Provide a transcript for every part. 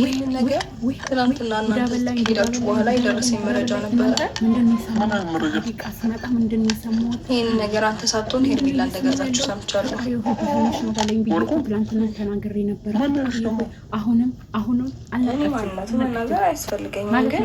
ይህንን ነገር ትናንትና እናንተ ሄዳችሁ በኋላ የደረሰኝ መረጃ ነበረ። ይህን ነገር አንተ ሳትሆን ሄርሜላ እንደገዛችሁ ሰምቻለሁ። አሁንም አሁንም መናገር አያስፈልገኝም ግን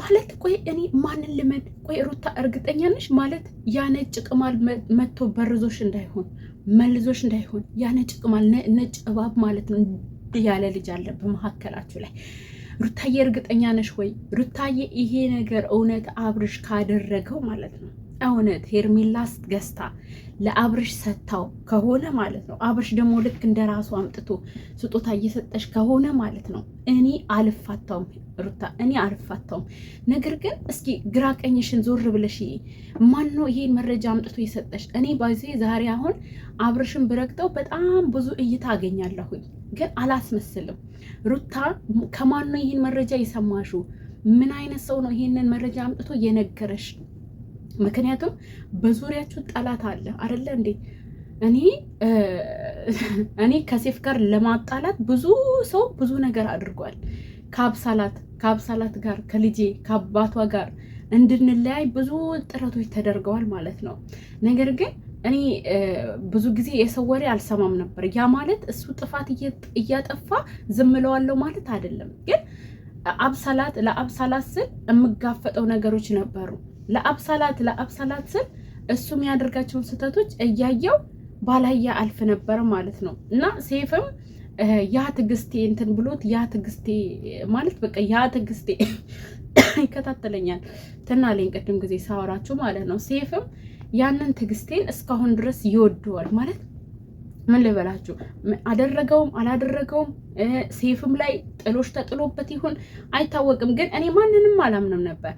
ማለት ቆይ እኔ ማንን ልመድ ቆይ ሩታ እርግጠኛ ነሽ ማለት ያ ነጭ ቅማል መጥቶ በርዞሽ እንዳይሆን መልዞሽ እንዳይሆን ያ ነጭ ቅማል ነጭ እባብ ማለት ነው ያለ ልጅ አለ በመካከላችሁ ላይ ሩታዬ እርግጠኛ ነሽ ወይ? ሩታዬ ይሄ ነገር እውነት አብርሽ ካደረገው ማለት ነው እውነት ሄርሜላስ ገዝታ ለአብርሽ ሰጥታው ከሆነ ማለት ነው። አብርሽ ደግሞ ልክ እንደ ራሱ አምጥቶ ስጦታ እየሰጠሽ ከሆነ ማለት ነው። እኔ አልፋታውም ሩታ፣ እኔ አልፋታውም። ነገር ግን እስኪ ግራ ቀኝሽን ዞር ብለሽ ማን ነው ይሄን መረጃ አምጥቶ የሰጠሽ? እኔ ባዜ ዛሬ አሁን አብርሽን ብረግጠው በጣም ብዙ እይታ አገኛለሁኝ፣ ግን አላስመስልም። ሩታ ከማን ነው ይህን መረጃ የሰማሹ? ምን አይነት ሰው ነው ይህንን መረጃ አምጥቶ የነገረሽ? ምክንያቱም በዙሪያችሁ ጠላት አለ አደለ እንዴ? እኔ እኔ ከሴፍ ጋር ለማጣላት ብዙ ሰው ብዙ ነገር አድርጓል። ከአብሳላት ከአብሳላት ጋር ከልጄ ከአባቷ ጋር እንድንለያይ ብዙ ጥረቶች ተደርገዋል ማለት ነው። ነገር ግን እኔ ብዙ ጊዜ የሰው ወሬ አልሰማም ነበር። ያ ማለት እሱ ጥፋት እያጠፋ ዝም እለዋለሁ ማለት አይደለም። ግን አብሳላት ለአብሳላት ስል የምጋፈጠው ነገሮች ነበሩ። ለአብሳላት ለአብሳላት ስል እሱ የሚያደርጋቸውን ስህተቶች እያየው ባላያ አልፍ ነበር ማለት ነው። እና ሴፍም ያ ትግስቴ እንትን ብሎት ያ ትግስቴ ማለት በቃ ያ ትግስቴ ይከታተለኛል ትናለኝ ቅድም ጊዜ ሳወራችሁ ማለት ነው። ሴፍም ያንን ትግስቴን እስካሁን ድረስ ይወደዋል ማለት ምን ልበላችሁ፣ አደረገውም አላደረገውም ሴፍም ላይ ጥሎች ተጥሎበት ይሁን አይታወቅም፣ ግን እኔ ማንንም አላምንም ነበር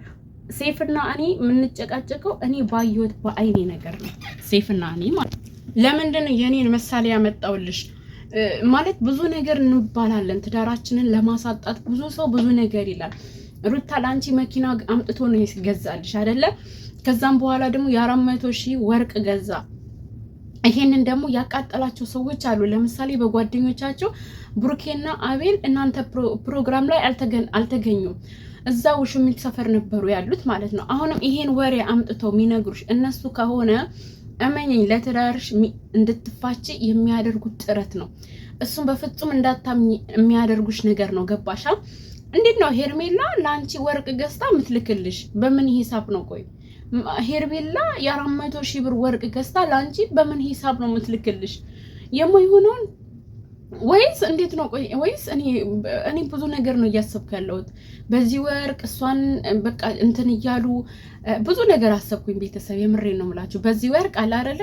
ሴፍና እኔ የምንጨቃጨቀው እኔ ባየሁት በአይኔ ነገር ነው። ሴፍና እኔ ማለት ለምንድን ነው የእኔን ምሳሌ ያመጣውልሽ? ማለት ብዙ ነገር እንባላለን። ትዳራችንን ለማሳጣት ብዙ ሰው ብዙ ነገር ይላል። ሩታ ለአንቺ መኪና አምጥቶ ነው ይገዛልሽ አይደለ? ከዛም በኋላ ደግሞ የአራት መቶ ሺህ ወርቅ ገዛ። ይሄንን ደግሞ ያቃጠላቸው ሰዎች አሉ። ለምሳሌ በጓደኞቻቸው ብሩኬና አቤል እናንተ ፕሮግራም ላይ አልተገኙም እዛ ውሽሚት ሰፈር ነበሩ ያሉት ማለት ነው። አሁንም ይሄን ወሬ አምጥተው የሚነግሩሽ እነሱ ከሆነ እመኝኝ ለትዳርሽ እንድትፋች የሚያደርጉት ጥረት ነው። እሱም በፍጹም እንዳታምኝ የሚያደርጉሽ ነገር ነው። ገባሻ? እንዴት ነው ሄርሜላ ለአንቺ ወርቅ ገዝታ ምትልክልሽ? በምን ሂሳብ ነው? ቆይ ሄርሜላ የአራት መቶ ሺህ ብር ወርቅ ገዝታ ለአንቺ በምን ሂሳብ ነው ምትልክልሽ? የማይሆነውን ወይስ እንዴት ነው? ቆይ ወይስ እኔ ብዙ ነገር ነው እያሰብኩ ያለሁት በዚህ ወርቅ እሷን በቃ እንትን እያሉ ብዙ ነገር አሰብኩኝ። ቤተሰብ የምሬ ነው የምላችሁ። በዚህ ወርቅ አላረለ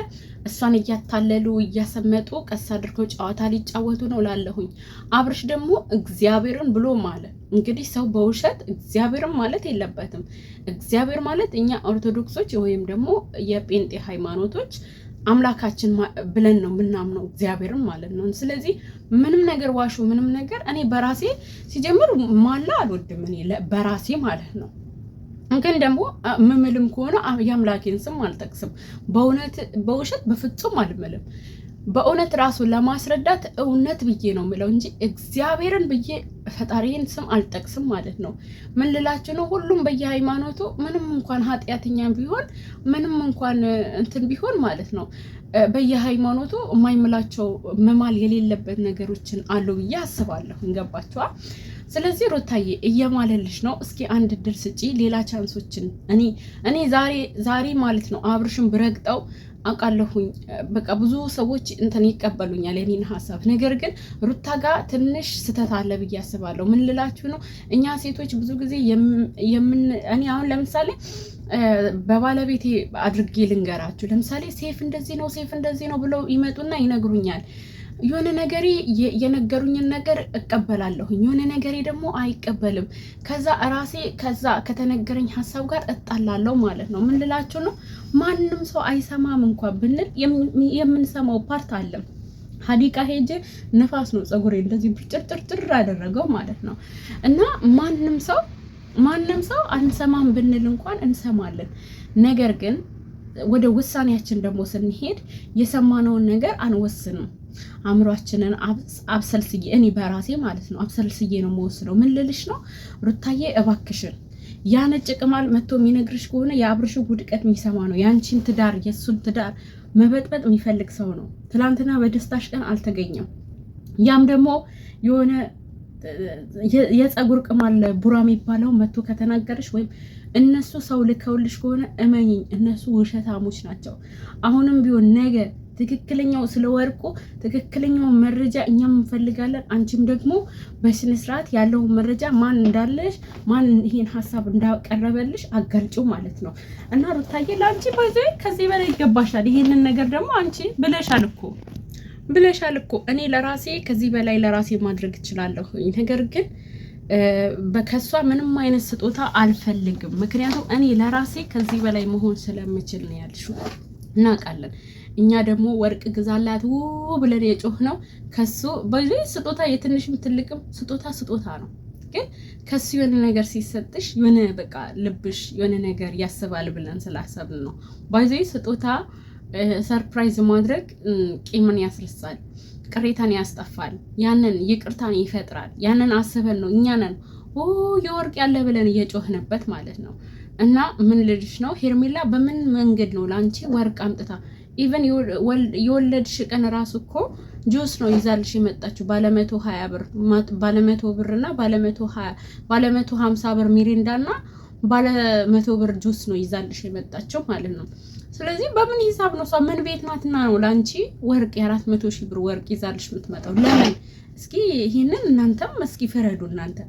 እሷን እያታለሉ እያሰመጡ ቀስ አድርገው ጨዋታ ሊጫወቱ ነው ላለሁኝ። አብርሽ ደግሞ እግዚአብሔርን ብሎ ማለ። እንግዲህ ሰው በውሸት እግዚአብሔርን ማለት የለበትም። እግዚአብሔር ማለት እኛ ኦርቶዶክሶች ወይም ደግሞ የጴንጤ ሃይማኖቶች አምላካችን ብለን ነው የምናምነው እግዚአብሔርም ማለት ነው። ስለዚህ ምንም ነገር ዋሹ ምንም ነገር እኔ በራሴ ሲጀምር ማላ አልወድም እኔ በራሴ ማለት ነው። ግን ደግሞ ምምልም ከሆነ የአምላኬን ስም አልጠቅስም። በእውነት በውሸት በፍጹም አልምልም። በእውነት ራሱ ለማስረዳት እውነት ብዬ ነው የምለው እንጂ እግዚአብሔርን ብዬ ፈጣሪን ስም አልጠቅስም ማለት ነው። ምን ልላችሁ ነው? ሁሉም በየሃይማኖቱ ምንም እንኳን ኃጢአተኛ ቢሆን ምንም እንኳን እንትን ቢሆን ማለት ነው በየሃይማኖቱ የማይምላቸው መማል የሌለበት ነገሮችን አሉ ብዬ አስባለሁ። እንገባችኋል? ስለዚህ ሩታዬ እየማለልሽ ነው። እስኪ አንድ ድል ስጪ፣ ሌላ ቻንሶችን እኔ እኔ ዛሬ ዛሬ ማለት ነው አብርሽን ብረግጠው አውቃለሁኝ በቃ ብዙ ሰዎች እንትን ይቀበሉኛል የኔን ሀሳብ። ነገር ግን ሩታ ጋር ትንሽ ስህተት አለ ብዬ አስባለሁ። ምን ልላችሁ ነው? እኛ ሴቶች ብዙ ጊዜ የምን እኔ አሁን ለምሳሌ በባለቤቴ አድርጌ ልንገራችሁ። ለምሳሌ ሴፍ እንደዚህ ነው ሴፍ እንደዚህ ነው ብለው ይመጡና ይነግሩኛል የሆነ ነገሬ የነገሩኝን ነገር እቀበላለሁ፣ የሆነ ነገሬ ደግሞ አይቀበልም። ከዛ ራሴ ከዛ ከተነገረኝ ሀሳብ ጋር እጣላለሁ ማለት ነው። ምን ልላችሁ ነው? ማንም ሰው አይሰማም እንኳን ብንል የምንሰማው ፓርት አለም ሀዲቃ ሄጄ ንፋስ ነው ጸጉሬ እንደዚህ ብጭርጭርጭር ያደረገው ማለት ነው። እና ማንም ሰው ማንም ሰው አንሰማም ብንል እንኳን እንሰማለን። ነገር ግን ወደ ውሳኔያችን ደግሞ ስንሄድ የሰማነውን ነገር አንወስንም። አእምሯችንን አብሰልስዬ እኔ በራሴ ማለት ነው አብሰልስዬ ነው መወስነው። ምን ልልሽ ነው ሩታዬ፣ እባክሽን ያ ነጭ ቅማል መጥቶ የሚነግርሽ ከሆነ የአብርሽ ውድቀት የሚሰማ ነው። ያንቺን ትዳር የእሱን ትዳር መበጥበጥ የሚፈልግ ሰው ነው። ትናንትና በደስታሽ ቀን አልተገኘም። ያም ደግሞ የሆነ የፀጉር አለ ቡራ የሚባለው መቶ ከተናገርሽ ወይም እነሱ ሰው ልከውልሽ ከሆነ እመኝኝ፣ እነሱ ውሸታሞች ናቸው። አሁንም ቢሆን ነገ ትክክለኛው ስለ ወርቁ መረጃ እኛም እንፈልጋለን። አንቺም ደግሞ በስነ ስርዓት ያለውን መረጃ ማን እንዳለሽ ማን ይሄን ሀሳብ እንዳቀረበልሽ አጋልጩ ማለት ነው። እና ሩታዬ ለአንቺ በዚህ ከዚህ በላይ ይገባሻል። ይሄንን ነገር ደግሞ አንቺ ብለሻል እኮ ብለሻል እኮ እኔ ለራሴ ከዚህ በላይ ለራሴ ማድረግ እችላለሁ። ነገር ግን ከሷ ምንም አይነት ስጦታ አልፈልግም። ምክንያቱም እኔ ለራሴ ከዚህ በላይ መሆን ስለምችል ነው ያልሽው። እናውቃለን። እኛ ደግሞ ወርቅ ግዛላት ው ብለን የጮህ ነው ከሱ በዚ ስጦታ የትንሽም ትልቅም ስጦታ ስጦታ ነው። ግን ከሱ የሆነ ነገር ሲሰጥሽ የሆነ በቃ ልብሽ የሆነ ነገር ያስባል ብለን ስላሰብን ነው ባይዘይ ስጦታ ሰርፕራይዝ ማድረግ ቂምን ያስረሳል፣ ቅሬታን ያስጠፋል፣ ያንን ይቅርታን ይፈጥራል። ያንን አስበን ነው እኛ ነን የወርቅ ያለ ብለን እየጮህንበት ማለት ነው። እና ምን ልልሽ ነው ሄርሜላ፣ በምን መንገድ ነው ለአንቺ ወርቅ አምጥታ ኢቨን የወለድሽ ቀን ራሱ እኮ ጁስ ነው ይዛልሽ የመጣችው ባለመቶ ሀያ ብር ባለመቶ ብር እና ባለመቶ ሀምሳ ብር ሚሪንዳ እና ባለመቶ ብር ጁስ ነው ይዛልሽ የመጣችው ማለት ነው። ስለዚህ በምን ሂሳብ ነው እሷ ምን ቤት ናትና ነው ለአንቺ ወርቅ የአራት መቶ ሺህ ብር ወርቅ ይዛልሽ የምትመጣው? ለምን እስኪ ይህንን እናንተም እስኪ ፍረዱ። እናንተ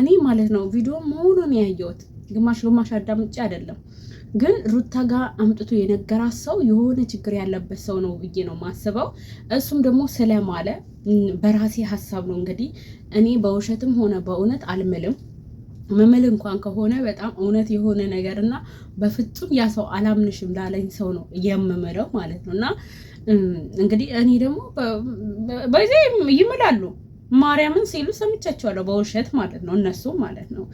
እኔ ማለት ነው ቪዲዮ መሆኑን ያየሁት ግማሽ ግማሽ አዳምጬ አይደለም ግን ሩታ ጋር አምጥቶ የነገራት ሰው የሆነ ችግር ያለበት ሰው ነው ብዬ ነው ማስበው። እሱም ደግሞ ስለማለ በራሴ ሀሳብ ነው እንግዲህ እኔ በውሸትም ሆነ በእውነት አልምልም ምምል እንኳን ከሆነ በጣም እውነት የሆነ ነገር እና በፍጹም ያ ሰው አላምንሽም ላለኝ ሰው ነው የምምለው ማለት ነው። እና እንግዲህ እኔ ደግሞ በዚ ይምላሉ ማርያምን ሲሉ ሰምቻቸዋለሁ፣ በውሸት ማለት ነው እነሱ ማለት ነው።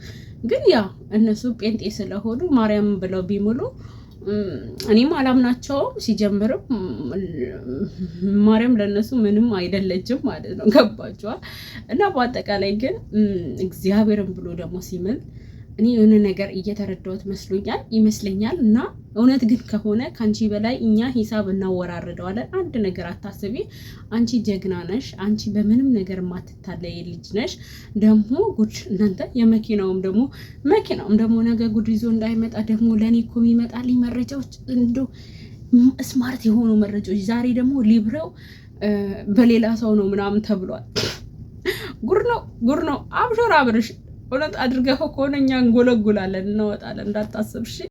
ግን ያ እነሱ ጴንጤ ስለሆኑ ማርያምን ብለው ቢምሉ እኔም አላምናቸውም ሲጀምርም ማርያም ለእነሱ ምንም አይደለችም ማለት ነው። ገባችኋል? እና በአጠቃላይ ግን እግዚአብሔርን ብሎ ደግሞ ሲምል እኔ የሆነ ነገር እየተረዳሁት መስሎኛል ይመስለኛል። እና እውነት ግን ከሆነ ከአንቺ በላይ እኛ ሂሳብ እናወራርደዋለን። አንድ ነገር አታስቢ። አንቺ ጀግና ነሽ። አንቺ በምንም ነገር ማትታለይ ልጅ ነሽ። ደግሞ ጉድ እናንተ የመኪናውም ደግሞ መኪናውም ደግሞ ነገ ጉድ ይዞ እንዳይመጣ ደግሞ ለእኔ እኮ የሚመጣልኝ መረጃዎች እንዶ ስማርት የሆኑ መረጃዎች ዛሬ ደግሞ ሊብረው በሌላ ሰው ነው ምናምን ተብሏል። ጉድ ነው ጉድ ነው። አብሾር አብርሽ እውነት አድርገኸው ከሆነ እኛ እንጎለጉላለን፣ እንወጣለን። እንዳታስብ እሺ።